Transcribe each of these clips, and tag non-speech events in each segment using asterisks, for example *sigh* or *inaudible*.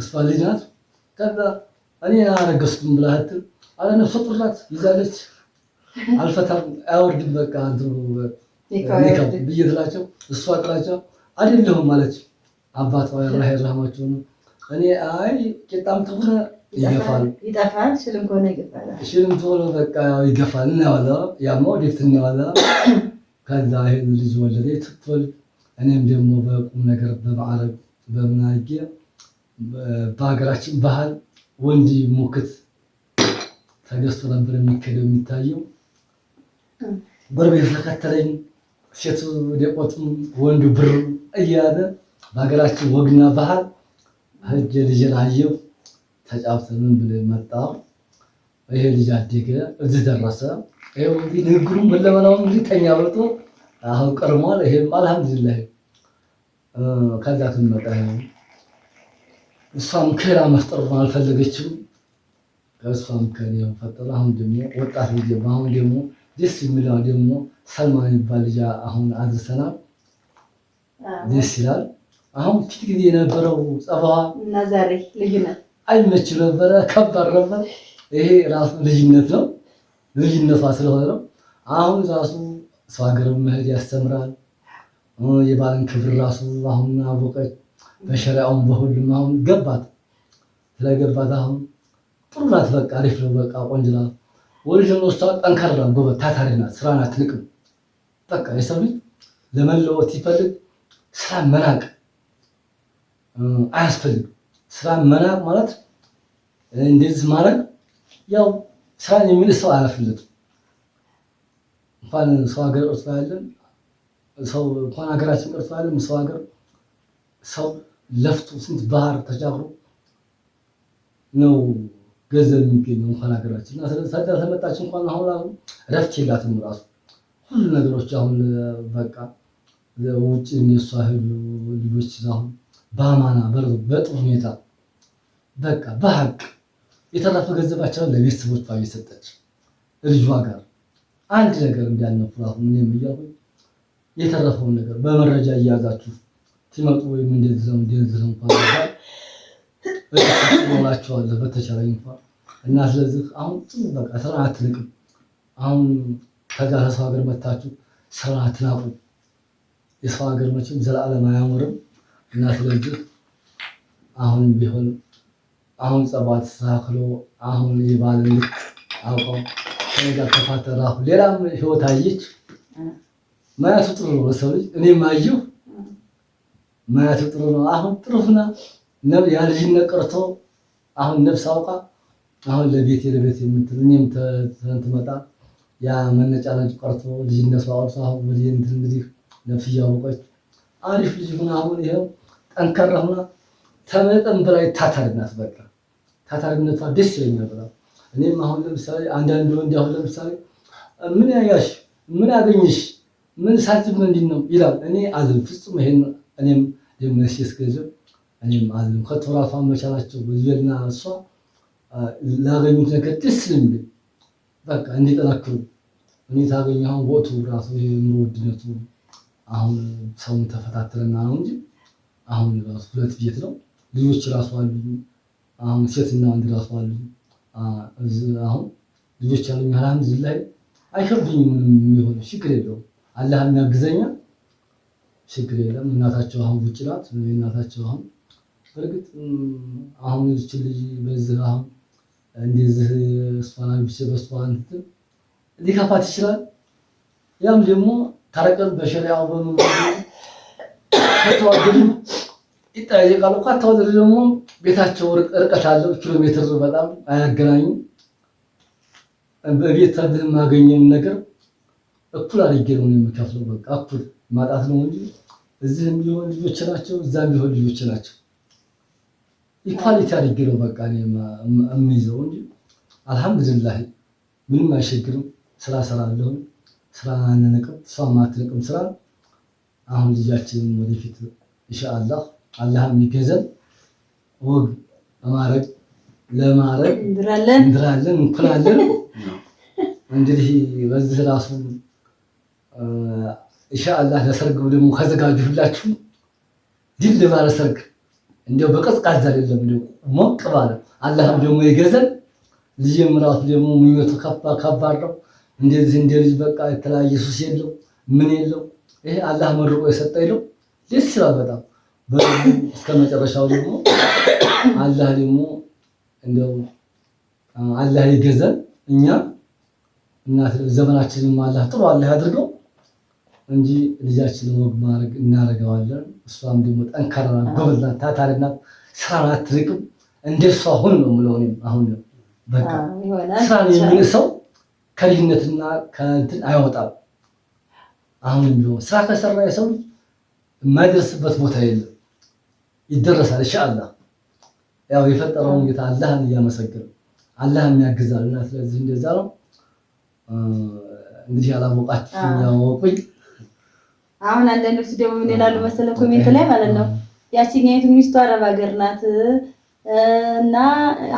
እሷ ልጅ ናት። ከዛ እኔ አረገዝኩም ብላ እህትም አለ ነፍሰ ጡር ናት ይዛለች፣ አልፈታም አያወርድም በቃ እንትኑ ብዬ ትላቸው እሷ ጥላቸው አይደለሁም ማለች። አባት ላ ራማቸው ነው እኔ አይ ቄጣም ተሆነ ይገፋል ይጠፋል፣ ሽልም ከሆነ ይገፋል፣ ሽልም ተሆነ በቃ ይገፋል። እናዋለ ያማ ወደፊት እናዋለ ከዛ ይሄን ልጅ ወለደ ትትወልድ እኔም ደግሞ በቁም ነገር በማዕረግ በምናጌ በሀገራችን ባህል ወንድ ሙክት ተገዝቶ ነበር የሚከደው የሚታየው። ብር የተከተለኝ ሴቱ ደቆቱም ወንዱ ብር እያለ በሀገራችን ወግና ባህል ህጅ ልጅ ላየው ተጫውተንም ብለን መጣ። ይሄ ልጅ አደገ፣ እዚህ ደረሰ። ይኸው እንግዲህ ንግግሩም በለመናውም እንግዲህ ከኛ በልጦ አሁን ቀርሟል። ይሄም አልሐምዱሊላህ ከዛ ትንመጣ እሷም ከላ መፍጠር አልፈለገችም። ከእሷም ከኔ ፈጠረ። አሁን ደግሞ ወጣት ልጅ አሁን ደግሞ ደስ የሚለው ደግሞ ሰልማ የሚባል ልጅ አሁን አድርሰናል። ደስ ይላል። አሁን ፊት ጊዜ የነበረው ጸባዋ እና ዛሬ ልዩነት ነበረ፣ ከባድ ነበር። ይሄ ራሱ ልጅነት ነው፣ ልጅነቷ ስለሆነ ነው። አሁን ራሱ ሰው ሀገር መሄድ ያስተምራል። የባልን ክብር ራሱ አሁን አወቀች። በሸሪያውም በሁሉም አሁን ገባት። ስለገባት አሁን ጥሩ ናት። በቃ አሪፍ ነው። በቃ ቆንጆ ናት። ወልጅ ነው። እሷ ጠንካራ ጎበ ጎበዝ ታታሪ ናት። ስራ ናት ትንቅም። በቃ የሰው ልጅ ለመለወት ሲፈልግ ስራ መናቅ አያስፈልግ። ስራ መናቅ ማለት እንደዚህ ማድረግ ያው ስራን የሚል ሰው አያልፍለትም። እንኳን ሰው ሀገር ቅርጽ ያለን ሰው እንኳን ሀገራችን ቅርጽ ያለን ሰው ሀገር ሰው ለፍቶ ስንት ባህር ተሻግሮ ነው ገንዘብ የሚገኘው እንኳን ሀገራችን እና ተመጣች እንኳን አሁን አሁን ረፍት የላትም ራሱ ሁሉ ነገሮች አሁን በቃ ውጭ እነሷ ሄዱ ልጆች አሁን በአማና በጥሩ ሁኔታ በቃ በሀቅ የተረፈ ገንዘባቸውን ባ እየሰጠች ልጇ ጋር አንድ ነገር እንዳያነኩ አሁን ምን የሚያሁ የተረፈውን ነገር በመረጃ እያያዛችሁ ሲመጡ ወይም እንደዚህ ነው እንደዚህ ነው እንኳን እላቸዋለሁ በተቻለ እንኳን እና ስለዚህ አሁን ጥሩ በቃ ስራ አትንቅም። አሁን ከዛ ከሰው ሀገር መታችሁ ስራ አትናቁ። የሰው ሀገር መቼም ዘላለም አያምርም እና ስለዚህ አሁን ቢሆን አሁን ጸባት ተስተካክሎ አሁን የባል ልክ አውቀው ከነጋ ከፋተራሁ ሌላም ህይወት አየች ማየቱ ጥሩ ነው ሰው ልጅ እኔም አየሁ ማየቱ ጥሩ ነው። አሁን ጥሩ ሁና ያ ልጅነት ቀርቶ አሁን ነፍስ አውቃ አሁን ለቤቴ ለቤቴ የምትል እኔም ትመጣ ያ መነጫነጭ ቀርቶ ልጅነት አውርቶ አሁን ወደ እንትን እንግዲህ ነፍስ እያወቀች አሪፍ ልጅ ሁና አሁን ይኸው ጠንካራ ሁና ከመጠን በላይ ታታሪነት በቃ ታታሪነቷ ደስ ይለኛል በጣም። እኔም አሁን ለምሳሌ አንዳንድ ወንድ አሁን ለምሳሌ ምን ያያሽ ምን አገኘሽ ምን ሳጭ ምንድን ነው ይላል። እኔ አዝም ፍጹም ይሄን እኔም የምነሽ እስከዚያው እኔም አዝም ከቶራፋን መቻላቸው ወየና እሷ ላገኙት ነገር ደስ በቃ እንዲጠናክሩ እኔ አሁን ራሱ አሁን ሰውን ተፈታትለና ነው እንጂ አሁን ራሱ ሁለት ቤት ነው። ልጆች ራሱ አሉ። አሁን ሴትና ወንድ ራሱ አሉ። አሁን ልጆች አሉ። አልሐምዱሊላህ አይከብድኝም። ምንም የሚሆን ችግር የለውም። አላህ ችግር የለም። እናታቸው አሁን ውጭ ናት። እናታቸው አሁን በእርግጥ አሁን እች ልጅ በዚህ አሁን እንደዚህ እስፋና ብቻ በስፋን ሊከፋት ይችላል። ያም ደግሞ ታረቀን በሸሪያው በሙሉ ከተዋደዱ ይጠያየቃሉ። ከተዋደዱ ደግሞ ቤታቸው ርቀት አለው፣ ኪሎ ሜትር በጣም አያገናኙም። በቤት ተብህ የማገኘውን ነገር እኩል አድርጌ ነው የሚከፍለው። በቃ እኩል ማጣት ነው እንጂ እዚህ የሚሆን ልጆች ናቸው፣ እዛ የሚሆን ልጆች ናቸው። ኢኳሊቲ አድርጌ ነው በቃ የሚይዘው እንጂ አልሐምዱሊላህ ምንም አይሸግርም። ስራ ስራ አለሁን ስራ አንነቅም፣ እሷ ማትነቅም ስራ አሁን ልጃችንም ወደፊት ኢንሻአላህ አላህ የሚገዘን ወግ በማድረግ ለማድረግ እንድራለን እንድራለን እንኩላለን *laughs* እንግዲህ በዚህ ራሱ ኢንሻአላህ ለሰርግ ደግሞ ከዘጋጁ ሁላችሁ ድል ለማለት ሰርግ እንዲያው በቀዝቃዛ አይደለም፣ ደግሞ ሞቅ ባለ አላህም ደግሞ የገዘን ልጅ ምራት ደግሞ ምኞቱ ከፋ ከባድ ነው። እንደዚህ እንደ ልጅ በቃ የተለያየ ሱስ የለው ምን የለው ይሄ አላህ መርቆ የሰጠ ነው። ደስ ይላል በጣም እስከ መጨረሻው ደግሞ አላህ ደግሞ እንደው አላህ የገዘን እኛ እና ዘመናችንም አላህ ጥሩ አላህ ያድርገው። እንጂ ልጃችን ወግ ማድረግ እናደርገዋለን። እሷም ደግሞ ጠንካራ ጎበዝና ታታሪና ስራ ናት፣ አትርቅም። እንደ እሷ ሁን ነው የምለው አሁን ነው በቃ ሰው ከልጅነትና ከእንትን አይወጣም። አሁን ቢሆን ስራ ከሰራ የሰው የማይደርስበት ቦታ የለም፣ ይደረሳል። ኢንሻአላህ ያው የፈጠረውን ጌታ አላህን እያመሰገነ አላህም ያግዛልና፣ ስለዚህ እንደዛ ነው እንግዲህ ያላወቃችሁ ያወቁኝ አሁን አንዳንዶቹ ደግሞ ምን ይላሉ መሰለ ኮሜንት ላይ ማለት ነው ያቺኛይቱ ሚስቱ አረብ ሀገር ናት እና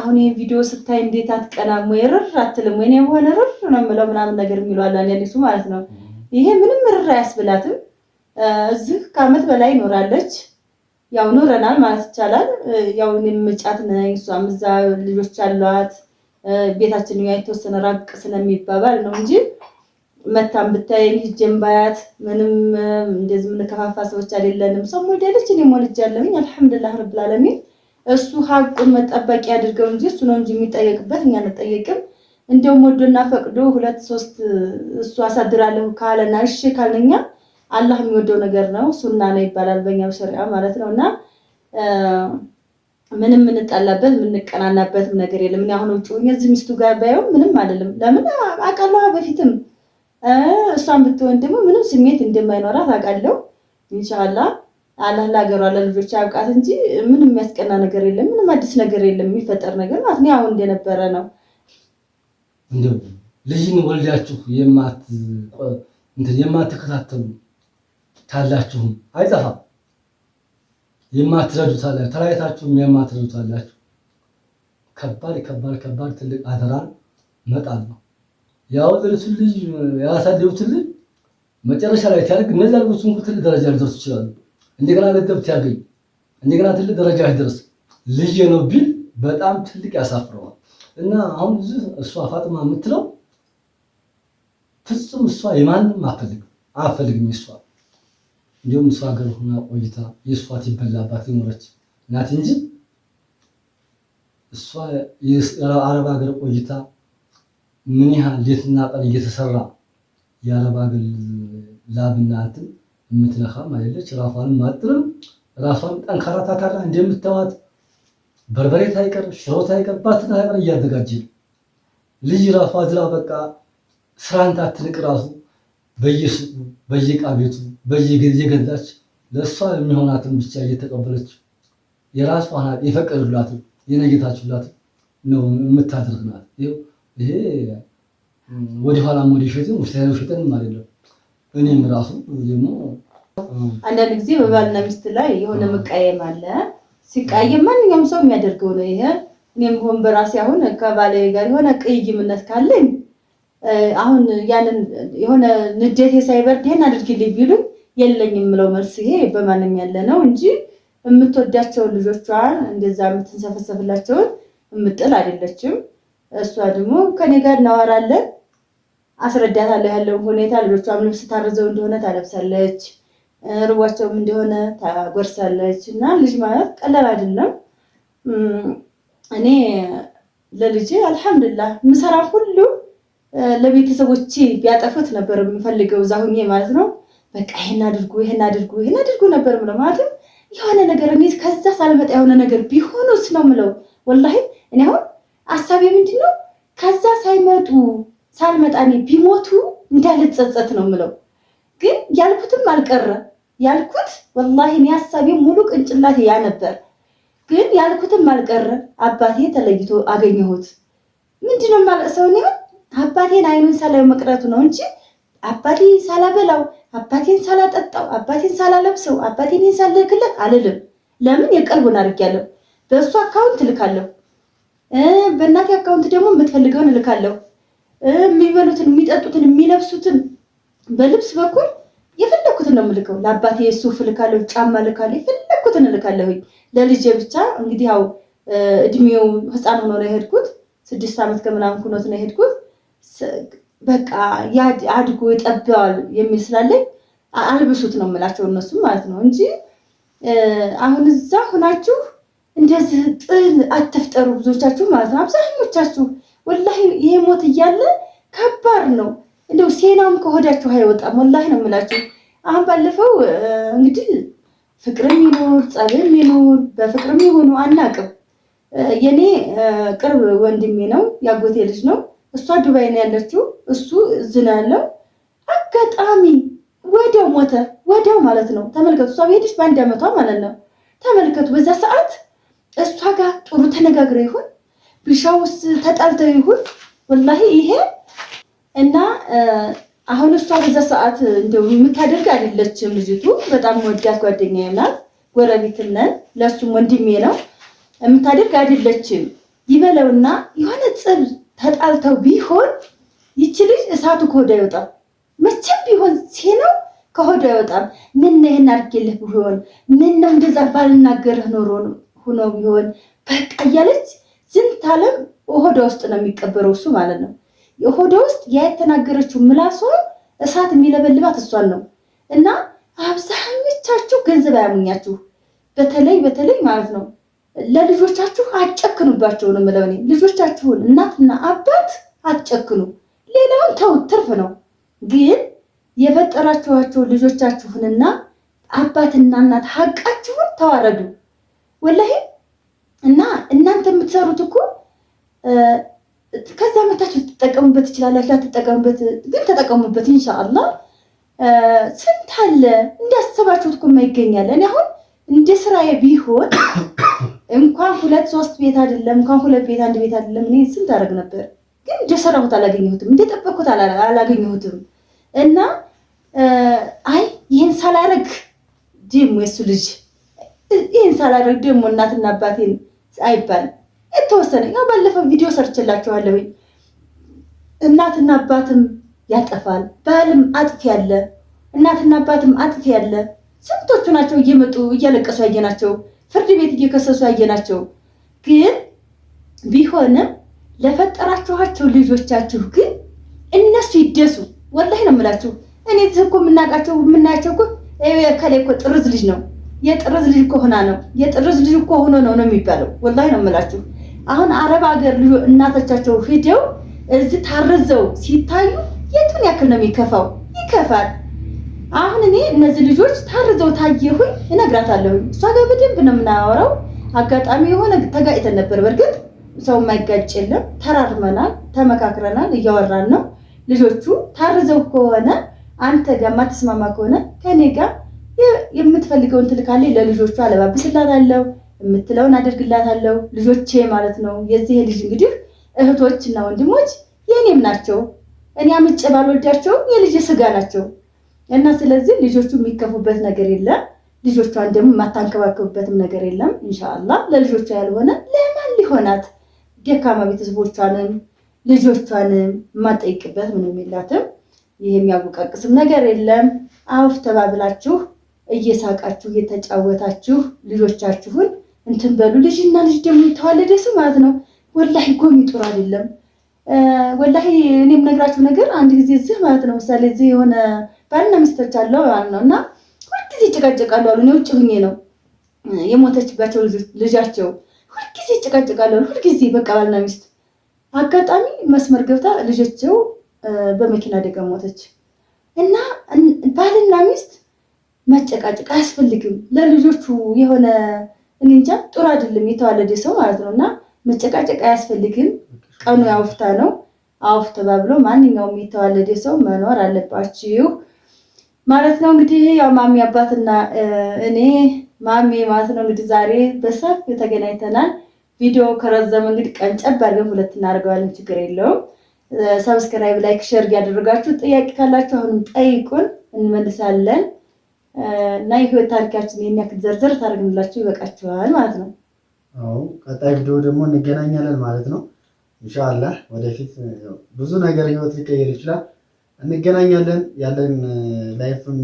አሁን ይሄ ቪዲዮ ስታይ እንዴት አትቀናም ወይ ርር አትልም ወይ ነው ሆነ ርር ነው የምለው ምናምን ነገር የሚሉ አለ አንዳንዶቹ ማለት ነው። ይሄ ምንም ርር አያስብላትም። እዚህ ከዓመት በላይ ይኖራለች። ያው ኖረናል ማለት ይቻላል። ያው እኔም ጫት ነኝ፣ እሷም እዛ ልጆች አሏት። ቤታችን የተወሰነ ራቅ ስለሚባባል ነው እንጂ መታም ብታይን ሂጅም ባያት ምንም እንደዚህ የምንከፋፋ ሰዎች አይደለንም። ሰው ሞዴልች እኔ ሞልጃለሁኝ አልሐምዱሊላህ ረብል አለሚን እሱ ሀቁን መጠበቂያ አድርገው እንጂ እሱ ነው እንጂ የሚጠየቅበት እኛ አንጠየቅም። እንደውም ወዶና ፈቅዶ ሁለት ሶስት እሱ አሳድራለሁ ካለና እሺ ካልነኛ አላህ የሚወደው ነገር ነው ሱና ነው ይባላል በእኛው ሸሪዓ ማለት ነው። እና ምንም የምንጣላበት የምንቀናናበትም ነገር የለም። እኔ አሁን ውጭ እዚህ ሚስቱ ጋር ባየው ምንም አይደለም። ለምን አውቃለሁ በፊትም እሷን ብትሆን ደግሞ ምንም ስሜት እንደማይኖራት አውቃለሁ። እንሻላ አላህ ለሀገሯ ለልጆች ያብቃት እንጂ ምንም የሚያስቀና ነገር የለም። ምንም አዲስ ነገር የለም። የሚፈጠር ነገር ማለት ነው ያው እንደነበረ ነው። እንደው ልጅን ወልዳችሁ የማትከታተሉ ታላችሁም አይጠፋም። የማትረዱት አላችሁ፣ ተለያይታችሁም የማትረዱት አላችሁ። ከባድ ከባድ ከባድ ትልቅ አደራን መጣል ነው። ያወለዱትን ልጅ ያሳደጉትን ልጅ መጨረሻ ላይ ታደርግ እነዚህ ልጆች እንኳን ትልቅ ደረጃ ሊደርሱ ይችላሉ። እንደገና ለገብት ያገኝ እንደገና ትልቅ ደረጃ ይደርስ ልጅ ነው ቢል በጣም ትልቅ ያሳፍረዋል። እና አሁን እሷ ፋጥማ የምትለው ፍጹም እሷ የማንም አፈልግም አፈልግም እሷ እንዲሁም እሷ ሀገር ሆና ቆይታ የእሷ ትበላባት የኖረች ናት እንጂ እሷ አረብ ሀገር ቆይታ ምን ያህል ሌትና ቀን እየተሰራ የአረብ አገር ላብና እንትን የምትለካም አይደለች። ራሷንም አጥርም ራሷን ጠንካራ ታታራ እንደምታዋት በርበሬት አይቀር ሽሮት አይቀር ባትና አይቀር እያዘጋጀ ልጅ ራሷ ዝላ በቃ ስራን ታትንቅ ራሱ በየሱቁ ቤቱ በየገዛች ለእሷ የሚሆናትን ብቻ እየተቀበለች የራሷን የፈቀዱላትን የነጌታችሁላትን ነው የምታደርግናት። ይሄ ወደኋላም ወደ ሸትም ውስታዊ አይደለም። እኔም ራሱ ደግሞ አንዳንድ ጊዜ በባልና ሚስት ላይ የሆነ መቃየም አለ። ሲቃየም ማንኛውም ሰው የሚያደርገው ነው። ይሄ እኔም ሆን በራሴ አሁን ከባለ ጋር የሆነ ቅይምነት ካለኝ አሁን ያንን የሆነ ንጀቴ ሳይበርድ ይሄን አድርጊልኝ ቢሉኝ የለኝ የምለው መልስ ይሄ በማንም ያለ ነው እንጂ የምትወዳቸውን ልጆቿን እንደዛ የምትንሰፈሰፍላቸውን የምጥል አይደለችም። እሷ ደግሞ ከኔ ጋር እናወራለን፣ አስረዳታለሁ ያለውን ሁኔታ። ልጆቿም ልብስ ታርዘው እንደሆነ ታለብሳለች፣ ርቧቸውም እንደሆነ ታጎርሳለች። እና ልጅ ማለት ቀላል አይደለም። እኔ ለልጅ አልሐምዱሊላህ ምሰራ ሁሉ ለቤተሰቦቼ ቢያጠፉት ነበር የምፈልገው እዛ ሁኜ ማለት ነው። በቃ ይህን አድርጉ፣ ይህን አድርጉ፣ ይህን አድርጉ ነበር ምለው። ማለትም የሆነ ነገር እኔ ከዛ ሳልመጣ የሆነ ነገር ቢሆኑስ ነው ምለው። ወላሂ እኔ አሁን አሳቤ ምንድን ነው? ከዛ ሳይመጡ ሳልመጣ እኔ ቢሞቱ እንዳልጸጸት ነው ምለው። ግን ያልኩትም አልቀረ ያልኩት ወላሂ እኔ ሀሳቤ ሙሉ ቅንጭላቴ ያ ነበር። ግን ያልኩትም አልቀረ አባቴ ተለይቶ አገኘሁት። ምንድነው ማለት ሰው እኔ አባቴን አይኑን ሳላየው መቅረቱ ነው እንጂ አባቴ ሳላበላው፣ አባቴን ሳላጠጣው፣ አባቴን ሳላለብሰው፣ አባቴን ሳልልክለት አልልም። ለምን የቀልቡን አድርጊያለሁ። በእሱ አካውንት እልካለሁ በእናቴ አካውንት ደግሞ የምትፈልገውን እልካለሁ። የሚበሉትን፣ የሚጠጡትን፣ የሚለብሱትን በልብስ በኩል የፈለግኩትን ነው የምልከው። ለአባቴ ሱፍ እልካለሁ፣ ጫማ እልካለሁ፣ የፈለግኩትን እልካለሁ። ለልጄ ብቻ እንግዲህ ያው እድሜው ህፃን ሆኖ ነው የሄድኩት። ስድስት ዓመት ከምናምን ሁኖት ነው የሄድኩት። በቃ አድጎ ይጠበዋል የሚል ስላለኝ አልብሱት ነው የምላቸው እነሱም ማለት ነው እንጂ አሁን እዛ ሁናችሁ እንደዚህ ጥል አትፍጠሩ። ብዙዎቻችሁ ማለት ነው አብዛኞቻችሁ፣ ወላሂ ይሄ ሞት እያለ ከባድ ነው። እንደው ሴናም ከሆዳችሁ አይወጣም። ወላሂ ነው የምላችሁ። አሁን ባለፈው እንግዲህ ፍቅርም ይኑር ጸብም ይኑር በፍቅርም ይሆኑ አናቅም። የኔ ቅርብ ወንድሜ ነው ያጎቴ ልጅ ነው። እሷ ዱባይ ነው ያለችው፣ እሱ እዚህ ነው ያለው። አጋጣሚ ወዲያው ሞተ፣ ወዲያው ማለት ነው። ተመልከቱ፣ እሷ በሄደች በአንድ ዓመቷ ማለት ነው። ተመልከቱ በዛ ሰዓት እሷ ጋር ጥሩ ተነጋግረ ይሁን ቢሻውስ ተጣልተው ይሁን ወላሂ ይሄ እና አሁን እሷ በዛ ሰዓት እንደው የምታደርግ አይደለችም። ልጅቱ በጣም ወዳት ጓደኛ ናት፣ ጎረቤትም ነን፣ ለእሱም ወንድሜ ነው። የምታደርግ አይደለችም። ይበለውና የሆነ ጽብ ተጣልተው ቢሆን ይቺ ልጅ እሳቱ ከሆዷ አይወጣም። መቼም ቢሆን ሲነው ከሆዷ አይወጣም። ምን ይህን አድርጌልህ ቢሆን ምን ነው እንደዛ ባልናገርህ ኖሮ ነው ሆኖ ቢሆን በቃ እያለች ዝንት አለም ሆዷ ውስጥ ነው የሚቀበረው እሱ ማለት ነው። ሆዷ ውስጥ ያ የተናገረችው ምላሷ እሳት የሚለበልባት እሷን ነው። እና አብዛኞቻችሁ ገንዘብ አያሙኛችሁ፣ በተለይ በተለይ ማለት ነው ለልጆቻችሁ አጨክኑባቸው ነው የምለው ልጆቻችሁን እናትና አባት አትጨክኑ። ሌላውን ተው ትርፍ ነው። ግን የፈጠራችኋቸው ልጆቻችሁንና አባትና እናት ሀቃችሁን ተዋረዱ። ወላሂ እና እናንተ የምትሰሩት እኮ ከዛ መታችሁ ልትጠቀሙበት ትችላላችሁ፣ ላትጠቀሙበት ግን ተጠቀሙበት። ኢንሻአላ ስንት አለ እንዳሰባችሁት እኮ የማይገኛል። እኔ አሁን እንደ ስራዬ ቢሆን *coughs* እንኳን ሁለት ሶስት ቤት አይደለም እንኳን ሁለት ቤት አንድ ቤት አይደለም እኔ ስንት አደርግ ነበር፣ ግን እንደ ሰራሁት አላገኘሁትም፣ እንደጠበቅኩት አላገኘሁትም። እና አይ ይህን ሳላረግ ዲም የሱ ልጅ ይህን ሳላደርግ ደግሞ እናትና አባቴን አይባል የተወሰነ ያው ባለፈው ቪዲዮ ሰርችላችኋለሁ። እናትና አባትም ያጠፋል፣ ባልም አጥፊ ያለ፣ እናትና አባትም አጥፊ ያለ ስንቶቹ ናቸው እየመጡ እያለቀሱ ያየናቸው፣ ፍርድ ቤት እየከሰሱ ያየናቸው። ግን ቢሆንም ለፈጠራችኋቸው ልጆቻችሁ ግን እነሱ ይደሱ። ወላሂ ነው የምላችሁ። እኔ እዚህ እኮ የምናውቃቸው የምናያቸው እኮ ከላይ እኮ ጥርዝ ልጅ ነው የጥርዝ ልጅ ከሆና ነው የጥርዝ ልጅ እኮ ሆኖ ነው ነው የሚባለው። ወላሂ ነው የምላችሁ። አሁን አረብ ሀገር ልጆ እናቶቻቸው ሂደው እዚህ ታርዘው ሲታዩ የቱን ያክል ነው የሚከፋው? ይከፋል። አሁን እኔ እነዚህ ልጆች ታርዘው ታየሁኝ እነግራታለሁኝ። እሷ ጋር በደንብ ነው የምናወራው። አጋጣሚ የሆነ ተጋጭተን ነበር። በእርግጥ ሰው የማይጋጭ የለም። ተራርመናል፣ ተመካክረናል፣ እያወራን ነው። ልጆቹ ታርዘው ከሆነ አንተ ጋር የማትስማማ ከሆነ ከኔ ጋር የምትፈልገውን ትልካለች። አለባብስላት አለባብስላታለሁ፣ የምትለውን አደርግላታለሁ። ልጆቼ ማለት ነው። የዚህ ልጅ እንግዲህ እህቶች እና ወንድሞች የእኔም ናቸው። እኔ ምጭ ባልወልዳቸውም የልጅ ስጋ ናቸው እና ስለዚህ ልጆቹ የሚከፉበት ነገር የለም። ልጆቿን ደግሞ የማታንከባከብበትም ነገር የለም። እንሻላ ለልጆቿ ያልሆነ ለማን ሊሆናት ደካማ ቤተሰቦቿንም ልጆቿንም የማጠይቅበት ምንም የላትም። ይህ የሚያወቃቅስም ነገር የለም። አውፍ ተባብላችሁ እየሳቃችሁ እየተጫወታችሁ ልጆቻችሁን እንትን በሉ። ልጅና ልጅ ደግሞ የተዋለደ ሰው ማለት ነው። ወላሂ ጎም ጡር አይደለም። ወላሂ እኔም ነግራችሁ ነገር አንድ ጊዜ እዚህ ማለት ነው ምሳሌ እዚህ የሆነ ባልና ሚስቶች አለው ማለት ነው እና ሁልጊዜ ይጨቃጨቃሉ አሉ። እኔ ውጭ ሁኜ ነው የሞተችባቸው ልጃቸው ሁልጊዜ ይጨቃጨቃሉ አሉ። ሁልጊዜ በቃ ባልና ሚስት አጋጣሚ መስመር ገብታ ልጆቸው በመኪና አደጋ ሞተች እና ባልና ሚስት መጨቃጨቅ አያስፈልግም። ለልጆቹ የሆነ እኔ እንጃ ጥሩ አይደለም የተዋለደ ሰው ማለት ነው። እና መጨቃጨቅ አያስፈልግም። ቀኑ ያውፍታ ነው። አውፍ ተባብሎ ማንኛውም የተዋለደ ሰው መኖር አለባችሁ ማለት ነው። እንግዲህ ያው ማሚ አባትና እኔ ማሚ ማለት ነው እንግዲህ ዛሬ በሰፊው ተገናኝተናል። ቪዲዮ ከረዘመ እንግዲህ ቀንጨብ አድርገን ሁለት እናደርገዋለን፣ ችግር የለውም። ሰብስክራይብ፣ ላይክ፣ ሸር እያደረጋችሁ ጥያቄ ካላችሁ አሁንም ጠይቁን፣ እንመልሳለን። እና የህይወት ታሪካችን ይህን ያክል ዘርዘር ታደርግንላችሁ ይበቃችኋል ማለት ነው። አዎ ቀጣይ ቪዲዮ ደግሞ እንገናኛለን ማለት ነው። እንሻላ ወደፊት ብዙ ነገር ህይወት ሊቀየር ይችላል። እንገናኛለን። ያለን ላይፍም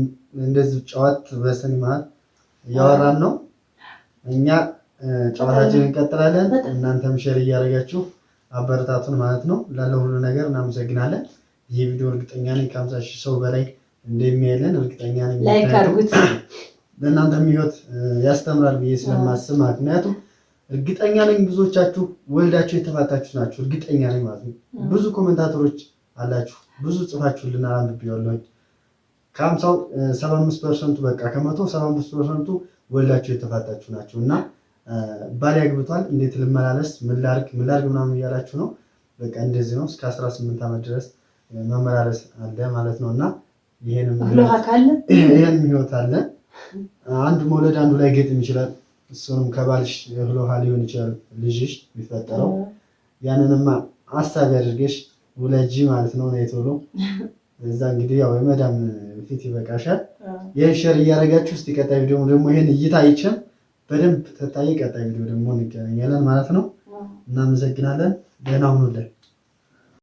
እንደዚህ ጨዋት በስን መሀል እያወራን ነው። እኛ ጨዋታችን እንቀጥላለን። እናንተም ሼር እያደረጋችሁ አበረታቱን ማለት ነው። ላለ ሁሉ ነገር እናመሰግናለን። ይህ ቪዲዮ እርግጠኛ ነኝ ከሀምሳ ሺህ ሰው በላይ እንደሚያለን እርግጠኛ ነኝ። ላይክ አድርጉት። *clears throat* ለእናንተም ህይወት ያስተምራል ብዬ ስለማስብ ማለት ምክንያቱም እርግጠኛ ነኝ ብዙዎቻችሁ ወልዳችሁ የተፋታችሁ ናችሁ። እርግጠኛ ነኝ ማለት ነው። ብዙ ኮሜንታተሮች አላችሁ፣ ብዙ ጽፋችሁልናል፣ አንብቤዋለሁኝ። ከሀምሳው ሰባ አምስት ፐርሰንቱ በቃ ከመቶ ሰባ አምስት ፐርሰንቱ ወልዳችሁ የተፋታችሁ ናችሁ እና ባል ያግብቷል፣ እንዴት ልመላለስ፣ ምላርግ ምላርግ ምናምን እያላችሁ ነው። በቃ እንደዚህ ነው። እስከ አስራ ስምንት ዓመት ድረስ መመላለስ አለ ማለት ነው እና ይህንም ህይወት አለ። አንዱ መውለድ አንዱ ላይ ጌጥም ይችላል። እሱንም ከባልሽ ህሎሃ ሊሆን ይችላል ልጅሽ የሚፈጠረው። ያንንማ አሳቢ አድርገሽ ውለጂ ማለት ነው። ነይ ቶሎ እዛ እንግዲህ ያው የመዳም ፊት ይበቃሻል። ይህን ሸር እያደረጋችሁ ውስጥ ቀጣይ ቪዲዮ ደግሞ ይህን እይታ ይችም በደንብ ተታየ። ቀጣይ ቪዲዮ ደግሞ እንገናኛለን ማለት ነው። እናመሰግናለን። ደህና ሁኑልን።